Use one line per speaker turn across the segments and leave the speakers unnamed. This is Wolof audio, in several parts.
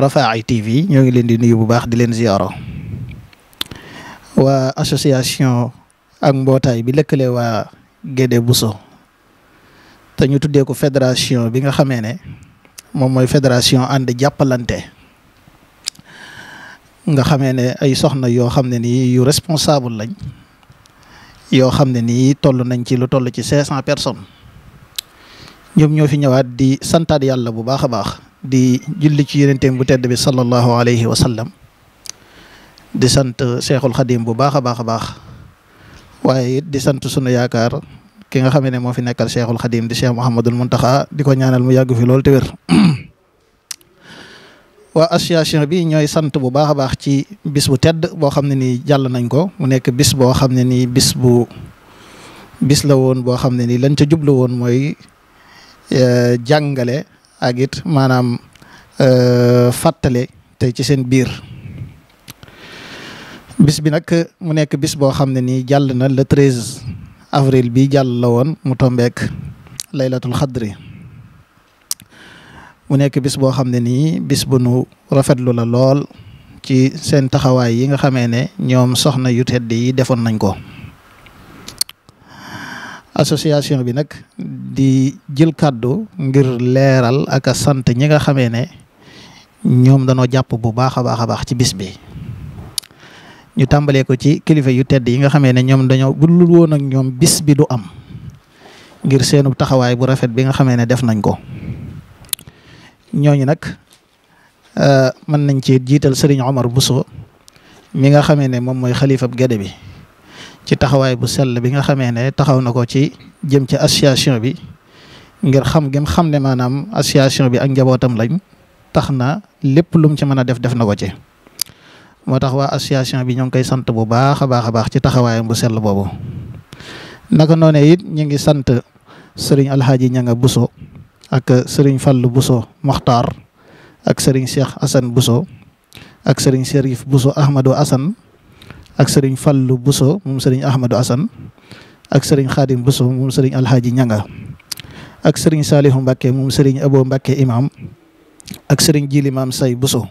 Rafaahi TV ñoo ngi leen di nuyu bu baax di leen ziyaaro waa association ak mbootaay bi lëkkale waa Guédé Bousso te ñu tuddee ko fédération bi nga xamee ne moom mooy fédération ànd jàppalante nga xamee ne ay soxna yoo xam ne nii yu responsable lañ yoo xam ne nii toll nañ ci lu toll ci cinq cent personnes ñoom ñoo fi ñëwaat di santaat yàlla bu baax a baax di julli ci yonenteem bu tedd bi sallallahu alayhi wa sallam di sant Cheikhul Khadim bu baax a baax a baax waaye di sant sunu yaakaar ki nga xam ne moo fi nekkal Cheikhul Khadim di Cheikh Mouhamadul Mountakha di ko ñaanal mu yàgg fi loolu te wér. waa association bi ñooy sant bu baax a baax ci bis bu tedd boo xam ne nii jàll nañ ko mu nekk bis boo xam ne nii bis bu bis la woon boo xam ne nii lañ ca jublu woon mooy eh, jàngale. ak it maanaam euh, fàttale te ci seen biir bis bi nag mu nekk bis boo xam ne nii jàll na la treize avril bi jàll la woon mu tombeek laylatul xadri mu nekk bis boo xam ne nii bis bu nu rafetlu la lool ci seen taxawaay yi nga xamee ne ñoom soxna yu tedd yi defoon nañ ko association bi nag di jël kàddu ngir leeral ak sant ñi nga xamee ne ñoom danoo jàpp bu baax a baax a baax ci bis bi. ñu tàmbalee ko ci kilifa yu tedd yi nga xamee ne ñoom dañoo budul woon ak ñoom bis bi du am ngir seenu taxawaay bu rafet bi nga xamee ne def nañ ko. ñooñu nag euh, mën nañ ci jiital Serigne Omar Bousso mi nga xamee ne moom mooy xalifab Gede bi. ci taxawaay bu sell bi nga xamee ne taxaw na ko ci jëm ci association bi ngir xam gën xam ne maanaam association bi ak njabootam lañ tax na lépp lum ci mën a def def na ko ci. moo tax waa association bi ñoo ngi koy sant bu baax a baax a baax ci taxawaayam bu sell boobu naka noone it ñu ngi sant sëriñ Alxaaji Ñanga Buso ak sëriñ Fallu Buso Moxtaar ak sëriñ Cheikh Assane Buso ak sëriñ Serif Buso Ahmadou Assane. ak sëriñ Fallou Bousso moom sëriñ Ahmadou Assane ak sëriñ Khadim Bousso moom sëriñ Alhaji Ñanga ak sëriñ Salihu Mbacke mom sëriñ Abo Mbacke imam ak sëriñ Jili Maam Say Bousso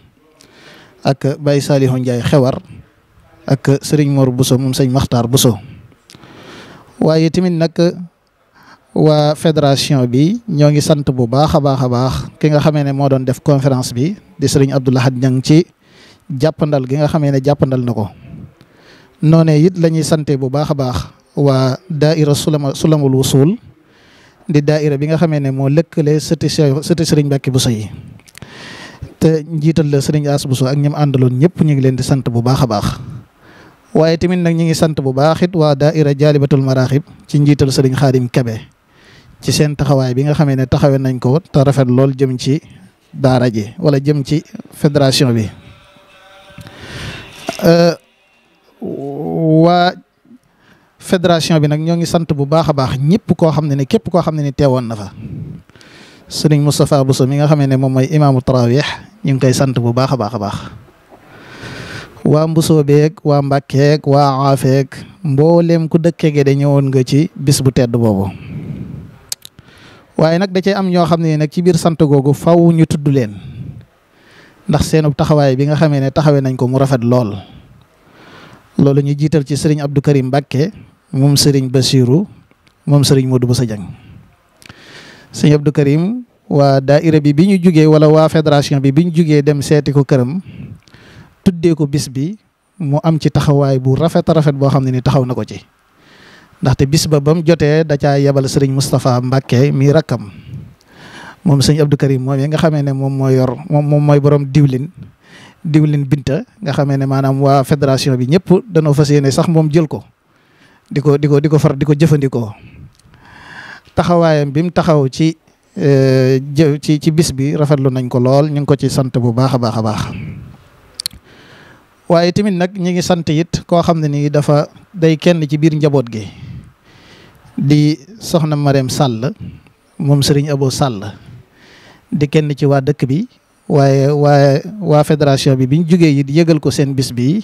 ak bay Salihu Ndiaye Xewar ak sëriñ Mor Bousso moom sëriñ Makhtar Bousso waaye tamit nag waa fédération bi ñoo ngi sant bu baax a baax a baax ki nga xamee ne moo doon def conférence bi di sëriñ Abdoul Ahad Ñang ci jàppandal gi nga xamee ne jàppandal na ko noonee it la sante bu baax a baax waa daaira sulama sulamul wusul di daaira bi nga xamee ne moo lëkkale sëti sëti sëriñ Mbàkke Buso yi te njiital la sëriñ As Buso ak ñi mu àndaloon ñëpp ñu ngi leen di sant bu baax a baax waaye tamit nag ñu ngi sant bu baax it waa daaira jaalibatul maraaxib ci njiital sëriñ Xaadim Kebe ci seen taxawaay bi nga xamee ne taxawee nañ ko te rafet lool jëm ci daara ji wala jëm ci fédération bi. Euh, waa fédération bi nag ñoo ngi sant bu baax a baax ñëpp koo xam ne ne képp koo xam ne ni teewoon na fa sëriñ Moustapha Bousso mi nga xamee ne moom mooy imaamu tarawih ñu ngi koy sant bu baax a baax a baax waa Mbusoo beek waa Mbàkkeeg waa Aafeeg mbooleem ku dëkkee ge de ñëwoon nga ci bis bu tedd boobu waaye nag da cee am ñoo xam ne nag ci biir sant googu faw ñu tudd leen ndax seenub taxawaay bi nga xamee ne taxawee nañ ko mu rafet lool loolu ñu jiital ci sëriñ Abdou Karim Mbacke moom sëriñ Bassirou moom sëriñ Modou sa Dieng sëriñ Abdou Karim waa daaira bi bi ñu jugee wala waa fédération bi bi ñu jugee dem seeti ko këram tuddee ko bis bi mu am ci taxawaay bu rafet rafet boo xam ne ni taxaw na ko ci ndaxte bis ba ba mu jotee da caa yebal sëriñ Moustapha Mbacke mi rakkam moom sëriñ Abdou Karim moom nga xamee ne moom mooy yor moom moom mooy boroom diwlin. diwlin binta nga xamee ne maanaam waa fédération bi ñëpp danoo fas yéene sax moom jël ko di ko di ko di ko far di ko jëfandikoo taxawaayam bi mu taxaw ci eh, jë ci ci bis bi rafetlu nañ ko lool ñu ngi ko ci sant bu baax a baax a baax waaye tamit nag ñi ngi sant yit koo xam ne nii dafa day kenn ci biir njaboot gi di soxna Marème Sall moom Serigne Abo Sall di kenn ci waa dëkk bi waaye waaye waa fédération bi biñ jógee yi yëgal ko seen bis bi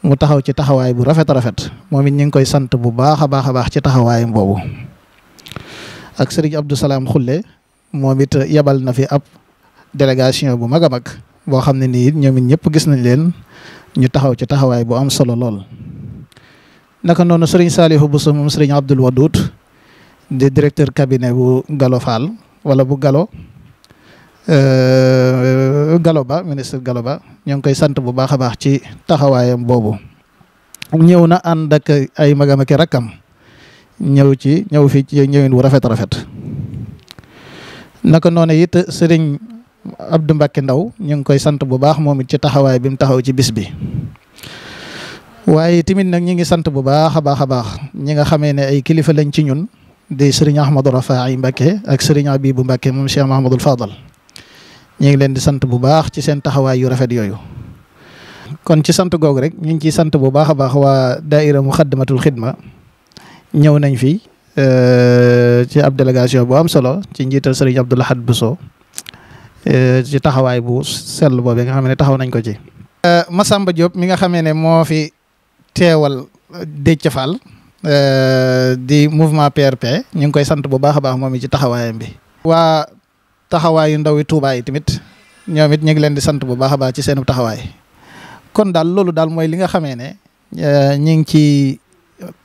mu taxaw ci taxawaay bu rafet rafet moom it ñu ngi koy sant bu baax a baax a baax ci taxawaayam boobu. ak sëriñ Abdou Salaam Xulle moom it yebal na fi ab délégation bu mag a mag boo xam ne nii ñoom it ñëpp gis nañ leen ñu taxaw ci taxawaay bu am solo lool. naka noonu sëriñ Saalihu Bousso moom sëriñ Abdul Wadoud di directeur cabinet bu Galo Fall wala bu Galo. Euh, Galoba ministre Galoba ñoo ngi koy sant bu baax a baax ci taxawaayam boobu ñëw na ànd ak ay magam ak rakkam ñëw ci ñëw fii ci ñëwin bu rafet rafet naka noonu yit sëriñ Abdou Mbacke Ndaw ñu ngi koy sant bu baax moom it ci taxawaay bi mu taxaw ci bis bi. waaye timit nag ñi ngi sant bu baax a baax a baax ñi nga xamee ne ay kilifa lañ ci ñun di sëriñ Ahmadou Rafaay Mbacke ak sëriñaa sëriñ Abibou Mbacke moom Cheikh Mahamadul Fadal. ñu ngi leen di sant bu baax ci seen taxawaay yu rafet yooyu. kon ci sant googu rek ñu ngi ciy sant bu baax a baax waa daaira Muxaddamatul Xidma ñëw nañ fi euh, ci ab délégation bu am solo ci njiital sëriñ Abdou bu Bousso euh, ci taxawaay bu sell boobee nga xam ne taxaw nañ ko ci. Euh, Massamba Diop mi nga xamee ne moo fi teewal Déthié Fall di mouvement PRP ñu ngi koy sant bu baax a baax moom i ci taxawaayam bi. taxawaayu ndawi Touba yi tamit ñoom it ñu ngi leen di sant bu baax a baax ci seen taxawaay kon daal loolu daal mooy li nga xamee ne eh, ñu ngi ci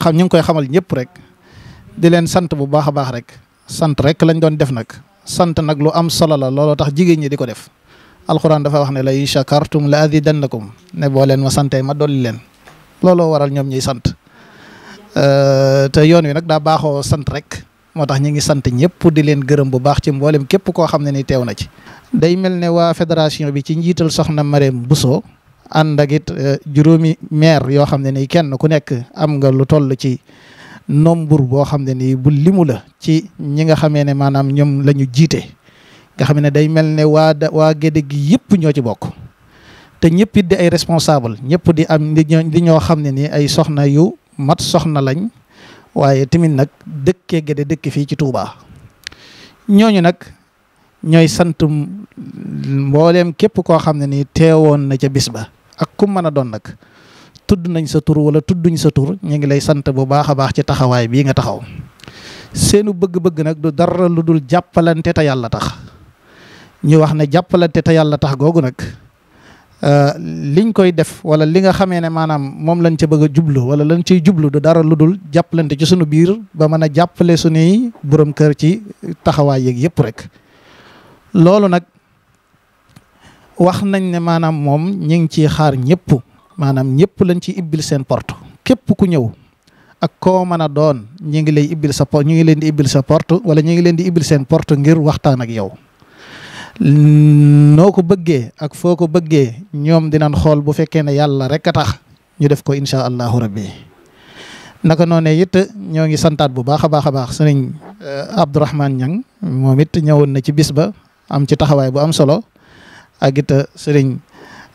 xam ñu ngi koy xamal ñëpp rek di leen sant bu baax a baax rek sant rek lañ doon def nag sant nag lu am solo la looloo tax jigéen ñi di ko def alxuraan dafa wax ne la in shakartum la azidannakum ne boo leen ma santee ma dolli leen looloo waral ñoom ñuy sant eh, te yoon wi nag daa baaxoo sant rek. moo tax ñu ngi sant ñëpp di leen gërëm bu baax ci mboolem képp koo xam ne ni teew na ci. day mel ne waa fédération bi ci njiital soxna Marème Bousso ànd ak it euh, juróomi maire yoo xam ne ni kenn ku nekk am nga lu toll ci nombre boo xam ne ni bu limu la ci ñi nga xamee ne maanaam ñoom la ñu jiite. nga xam ne day mel ne waa waa Gédé gi yëpp ñoo ci bokk te ñëpp it di ay responsable ñëpp di am di ñoo xam ne ni ay soxna yu mat soxna lañ. waaye tamit nag dëkkee Gédé dëkk fii ci Touba ñooñu nag ñooy sant mboolem képp koo xam ne nii teewoon na ca bis ba ak ku mën a doon nag tudd nañ sa tur wala tudduñ sa tur ñu ngi lay sant bu baax a baax ci taxawaay bii nga taxaw seenu bëgg-bëgg nag du dara lu dul jàppalante te yàlla tax ñu wax na jàppalante te yàlla tax googu nag Euh, liñ koy def wala li nga xamee ne maanaam moom lañ ci bëgg a jublu wala lañ ciy jublu du dara lu dul jàppalante ci sunu biir ba mën a jàppale sunuy borom kër ci taxawaay yeeg yëpp rek. loolu nag wax nañ ne maanaam moom ñu ngi ciy xaar ñëpp maanaam ñëpp lañ ci ibbil seen porte képp ku ñëw. ak koo mën a doon ñu ngi lay ibbil sa porte ñu ngi leen di ibbil sa porte wala ñu ngi leen di ibbil seen porte ngir waxtaan ak yow noo ko bëggee ak foo ko bëggee ñoom dinañ xool bu fekkee ne yàlla rek a tax ñu def ko incha allahu rabbi naka noonee it ñoo ngi santaat bu baax a baax a baax sëriñ euh, Abdourahmane Niang moom it ñëwoon na ci bis ba am ci taxawaay bu am solo ak it euh, sëriñ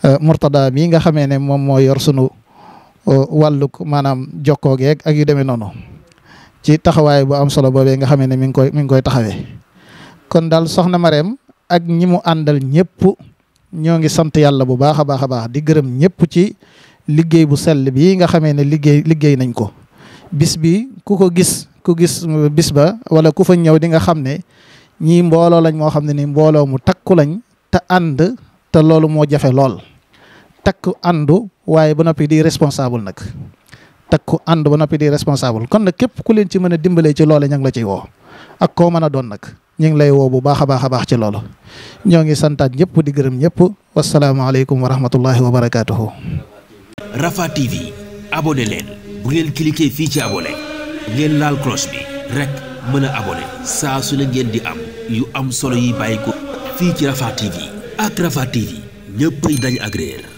euh, Mourtada mii nga xamee ne moom moo yor sunu wàllug maanaam jokkoo geeg ak yu demee noonu ci taxawaay bu am solo boobee nga xamee ne mi ngi koy mi ngi koy taxawee kon daal soxna Mareem ak ñi mu àndal ñëpp ñoo ngi sant yàlla bu baax a baax a baax di gërëm ñëpp ci liggéey bu sell bii nga xamee ne liggéey liggéey nañ ko bis bi ku ko gis ku gis bis ba wala ku fa ñëw di nga xam ne ñii mbooloo lañ moo xam ne ni mbooloo mu takku lañ te ànd te loolu moo jafe lool takku àndu waaye ba noppi di responsable nag takku ànd ba noppi di responsable kon nag képp ku leen ci mën a dimbalee ci loole ña la ciy woo ak koo mën a doon nag ñu ngi lay woo bu baax a baax a baax ci loolu ñoo ngi santaat ñëpp di gërëm ñëpp wasalaamaaleykum wa rahmatullahi wa barakaatuhu. Rafah TV abonné leen bu ngeen cliquer fii ci abonné ngeen laal cloche bi rek mën a abonné saa su ne ngeen di am yu am solo yuy bàyyi ko fii ci Rafah TV ak Rafah TV ñëppay dañ agréer